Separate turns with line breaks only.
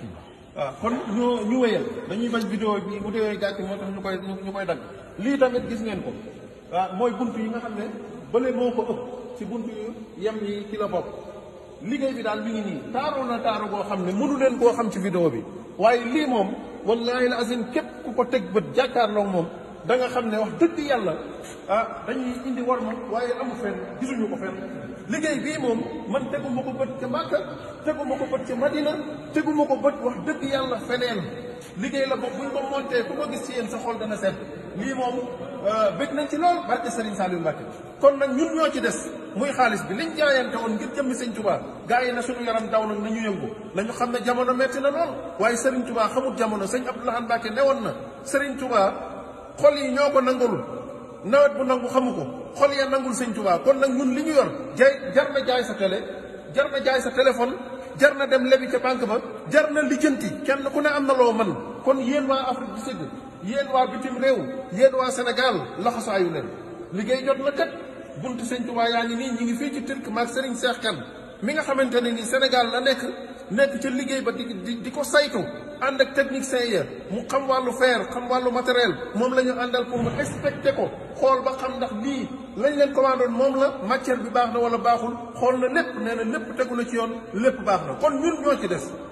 waaw ah, kon ñu ñu wéyal dañuy bañ vidéo bi bu déwee gàcc moo tax ñu koy ñu koy dagg lii tamit gis ngeen ko waaw ah, mooy bunt yi nga xam ne bële moo ko ëpp ci bunt yu yem yi ci la bokk liggéey bi daal mi ngi nii taaru na taaru xam ne mënu leen koo xam ci vidéo bi waaye lii moom wallaahi la asin képp ku ko teg bët jàkkaarloo moom danga xam ne wax dëgg yàlla ah dañuy indi war ma waaye amu fenn gisuñu ko fenn liggéey bii moom man tegu ma ko bët ca Màkka tegu ma ko bët ca Madina tegu ma ko bët wax dëgg yàlla feneen liggéey la boobu buñ ko montee ku ko gis ci yéen sa xol dana set lii moom euh, bëgg nañ ci lool barke Serigne Saliou Mbacke kon nag ñun ñoo ci des muy xaalis bi liñ jaayante woon ngir jëmmi Serigne Touba gars yi na suñu yaram daw na nañu yëngu nañu xam ne jamono metti na lool waaye Serigne tubaa xamut jamono sëñ Serigne Abdoulaye Mbacke woon na Serigne Touba xol yi ñoo ko nangulul nawet bu nangu xamu ko xol ya nangul sëñ Tuubaa kon nag ñun li ñu yor jaay jar na jaay sa tele jar na jaay sa téléphone jar na dem lebi ca banque ba jar na lijjanti kenn ku ne am na loo man kon yéen waa Afrique du yéen waa bitim réew yéen waa senegal laxasaayu leen liggéey jot na kat buntu sëñ Tuubaa yaa ngi nii ñu ngi fii ci Turc maag Serigne Cheikh Kane mi nga xamante ne nii Sénégal la nekk nekk ca liggéey ba di di di ko saytu ànd ak technicien ya mu xam wàllu fer xam wàllu matériel moom la ñu àndal pour mu respecté ko xool ba xam ndax bii lañ leen commandé moom la matière
bi baax na wala baaxul xool na lépp nee na lépp tegu na ci yoon lépp baax na kon ñun ñoo ci des